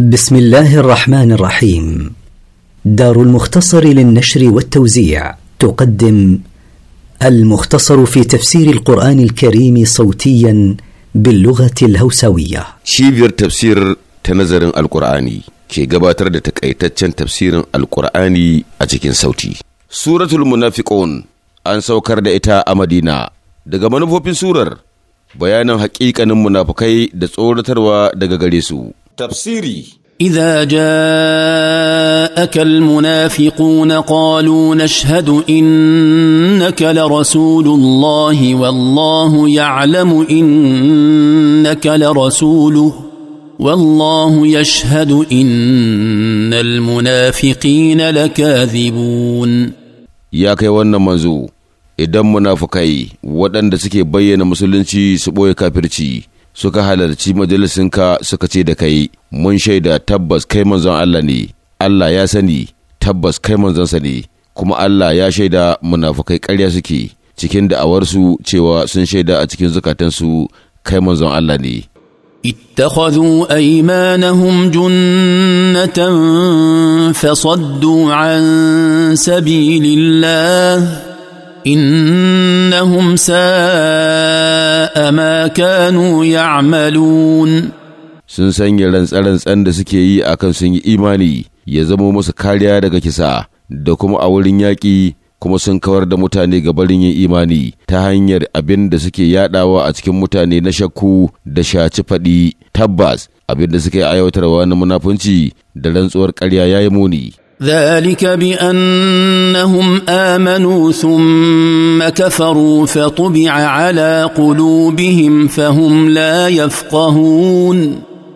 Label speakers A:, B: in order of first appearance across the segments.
A: بسم الله الرحمن الرحيم دار المختصر للنشر والتوزيع تقدم المختصر في تفسير القرآن الكريم صوتيا باللغة الهوسوية
B: شيفير تفسير تنظر القرآني كي قباتر تكأيتتشن تفسير القرآني أجيكين صوتي سورة المنافقون أن سوكر دائتا أمدينة daga manufofin surar bayanin hakikanin munafukai da tsoratarwa daga gare قليسو Tafsiri
A: إذا جاءك المنافقون قالوا نشهد إنك لرسول الله والله يعلم إنك لرسوله والله يشهد إن المنافقين لكاذبون
B: يا كيوانا منزو idan munafukai waɗanda suke bayyana musulunci su ɓoye kafirci suka halarci majalisinka suka ce da kai mun shaida tabbas kai manzon Allah ne Allah ya sani tabbas kai manzonsa ne kuma Allah ya shaida munafukai ƙarya suke cikin da'awarsu cewa sun shaida a cikin zukatansu kai manzon Allah ne
A: اتخذوا ايمانهم جنه فصدوا عن سبيل الله انهم ساء
B: ما كانوا يعملون sun sanya rantsa-rantsan da suke yi a kan sun yi imani ya zamo musu kariya daga kisa da kuma a wurin yaƙi kuma sun kawar da mutane ga barin yin imani ta hanyar abin da suke yadawa a cikin mutane na shakku da shaci faɗi tabbas abin da suke aiwatarwa na munafunci da rantsuwar ƙarya ya yi muni
A: ذلك بانهم امنوا ثم كفروا فطبع على قلوبهم فهم لا يفقهون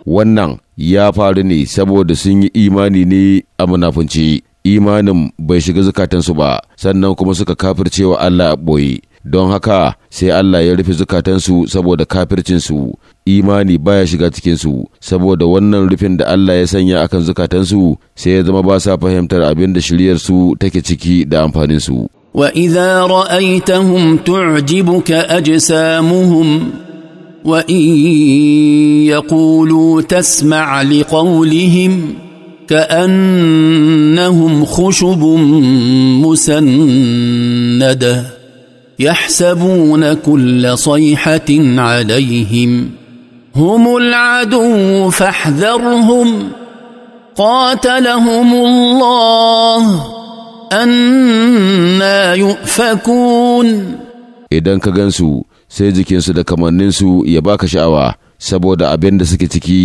B: wannan ya faru ne saboda sun yi imani ne a munafunci imanin bai shiga zukatansu ba sannan kuma suka kafircewa Allah a ɓoye don haka sai Allah ya rufe zukatansu saboda kafircinsu imani baya shiga cikinsu saboda wannan rufin da Allah ya sanya akan zukatansu sai ya zama ba sa fahimtar abin da shiryarsu take ciki da amfaninsu
A: وإذا رأيتهم تعجبك أجسامهم وإن يقولوا تسمع لقولهم كأنهم خشب مسندة يحسبون كل صيحه عليهم هم العدو فاحذرهم قاتلهم الله أنا يؤفكون
B: idan ka gansu sai jikinsu da kamanninsu ya baka sha'awa saboda abin da suke ciki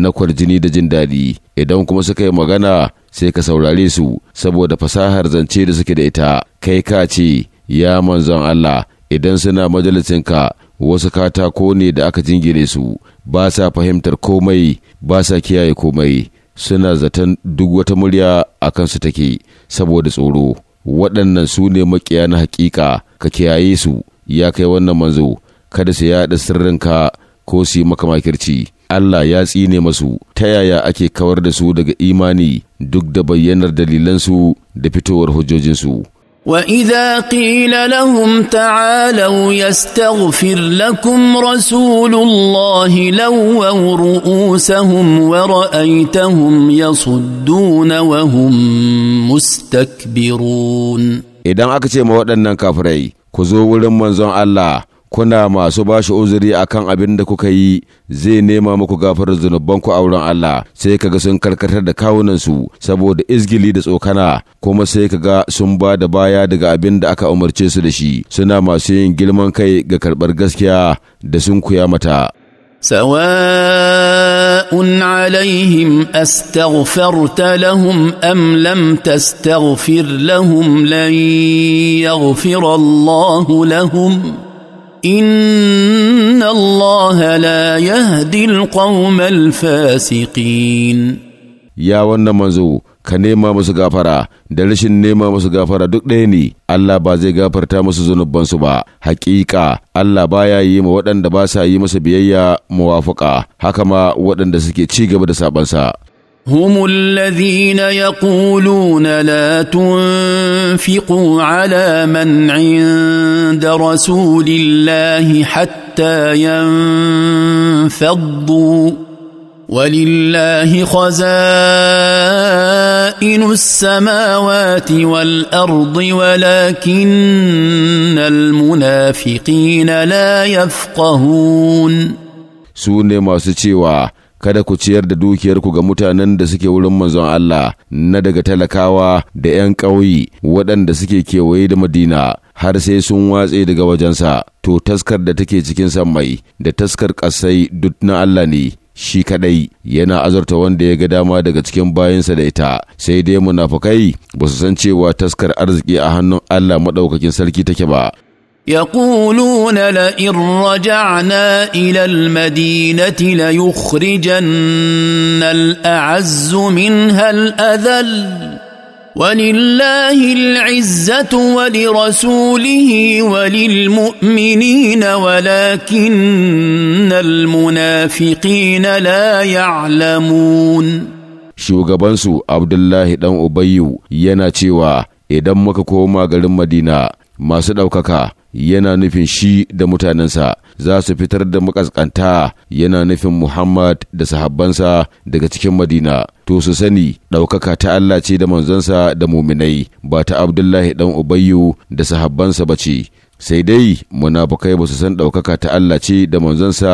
B: na kwarjini da jin daɗi idan kuma suka yi magana sai ka saurare su saboda fasahar zance da suke da ita kai ka ce ya manzon Allah idan suna majalisinka wasu katako ne da aka jingire su ba sa fahimtar komai ba sa kiyaye komai suna zaton duk wata murya a kansu take saboda tsoro waɗannan su ne makiya na hakika ka kiyaye su ya kai wannan manzo kada su yaɗa sirrinka ko su yi maka Allah ya tsine masu ta yaya ake kawar da su daga imani duk da bayyanar dalilansu da fitowar hujjojinsu.
A: واذا قيل لهم تعالوا يستغفر لكم رسول الله لووا رؤوسهم
B: ورايتهم يصدون وهم مستكبرون idan aka ce ma waɗannan kafirai ku zo wurin manzon Allah kuna masu ba shi uzuri akan abin da kuka yi zai nema muku gafarar zunubanku a wurin Allah sai kaga sun karkatar da kawunansu saboda izgili da tsokana kuma sai kaga sun ba da baya daga abin da aka umarce su da shi suna masu yin girman kai ga karɓar gaskiya da sun kuya mata سواء عليهم
A: استغفرت لهم ام لم تستغفر لهم لن يغفر الله لهم ان
B: الله
A: لا يهدي
B: القوم الفاسقين يا wannan manzo ka nema musu gafara da rashin nema musu gafara duk ɗaya ne Allah ba zai gafarta musu zunubansu ba hakika Allah baya yi ma waɗanda ba sa yi masa biyayya muwafuka haka ma waɗanda suke ci gaba da sabansa
A: هم الذين يقولون لا تنفقوا على من عند رسول الله حتى ينفضوا ولله خزائن السماوات والارض ولكن المنافقين لا يفقهون
B: سوني ما cewa kada ku ciyar da dukiyarku ga mutanen da suke wurin manzon Allah na daga talakawa da ‘yan ƙauyi waɗanda suke kewaye da Madina har sai sun watse daga wajensa, to taskar da take cikin mai da taskar ƙasai duk na Allah ne. Shi kaɗai yana azurta wanda ya ga dama daga cikin bayansa da ita, sai dai munafukai ba su san cewa taskar arziki a hannun Allah maɗaukakin sarki take ba,
A: يقولون لئن رجعنا الى المدينه ليخرجن الاعز منها الاذل ولله العزه ولرسوله وللمؤمنين ولكن المنافقين لا يعلمون
B: shugabansu abdullahi dan ubayyu yana cewa idan muka koma garin madina masu ɗaukaka yana nufin shi da mutanensa za su fitar da makaskanta yana nufin Muhammad da sahabbansa daga cikin Madina to su sani ɗaukaka ta Allah ce da manzansa da muminai ba ta Abdullahi ɗan Ubayyu da sahabbansa ba ce sai dai munafukai ba su san ɗaukaka ta Allah ce da manzansa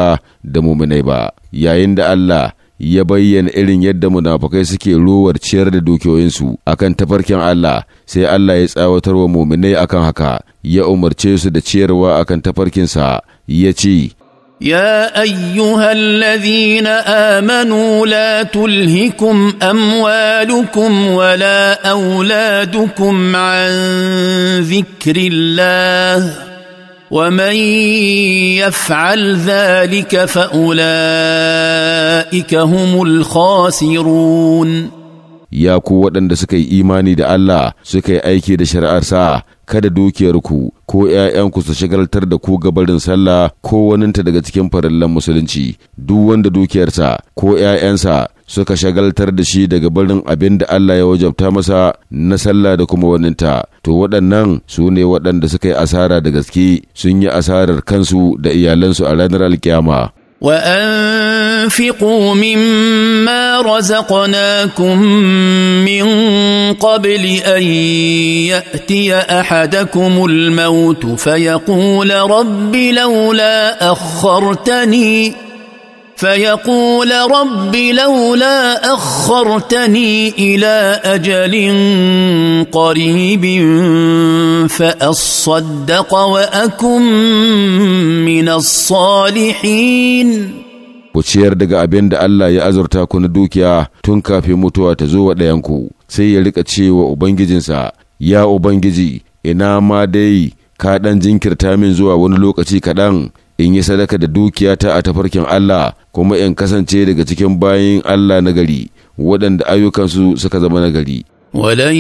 B: da muminai ba yayin da Allah ya bayyana irin yadda munafukai suke ruwar ciyar da dukiyoyinsu akan tafarkin Allah sai Allah ya tsawatar wa muminai akan haka ya umarce su da ciyarwa akan tafarkinsa ya ce
A: يا ايها الذين la لا تلهكم اموالكم ولا اولادكم عن ذكر الله ومن يفعل ذلك فاولئك هم الخاسرون
B: ya ku waɗanda suka yi imani da Allah suka yi aiki da shari'arsa kada dukiyarku ko ‘ya'yanku su shagaltar da ku gabarin sallah ko waninta daga cikin farallan musulunci duk wanda dukiyarsa ko ‘ya'yansa suka shagaltar da shi daga barin abin da Allah ya wajabta masa na sallah da kuma waninta to waɗannan su ne waɗanda suka yi asara da gaske sun yi asarar kansu da iyalansu a ranar alkiyama
A: وانفقوا مما رزقناكم من قبل ان ياتي احدكم الموت فيقول رب لولا اخرتني فيقول رب لولا اخرتني الى اجل قريب فاصدق واكن من الصالحين
B: ku ciyar daga abin da Allah ya azurta ku na dukiya tun kafin mutuwa ta zo wa ɗayanku sai ya rika cewa ubangijinsa ya ubangiji ina ma dai ka ɗan jinkirta min zuwa wani lokaci kaɗan in yi sadaka da dukiyata a tafarkin Allah kuma in kasance daga cikin bayin Allah na gari waɗanda ayyukansu suka zama na gari.
A: ولن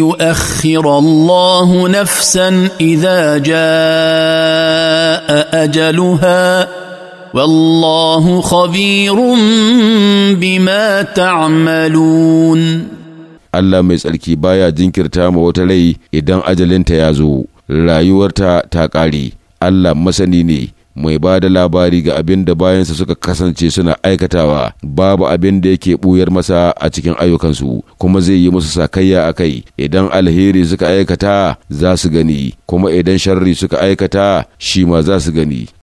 A: يؤخر الله نفسا اذا جاء اجلها والله خبير بما تعملون
B: Allah mai tsarki baya jinkirta ma wata rai idan ajalinta ya zo, rayuwarta ta ƙare. Allah masani ne mai ba da labari ga abin da bayansa suka kasance suna aikatawa babu abin da yake buyar masa a cikin ayyukansu kuma zai yi musu sakayya a kai idan alheri suka aikata za su gani kuma idan sharri suka aikata shi ma za su gani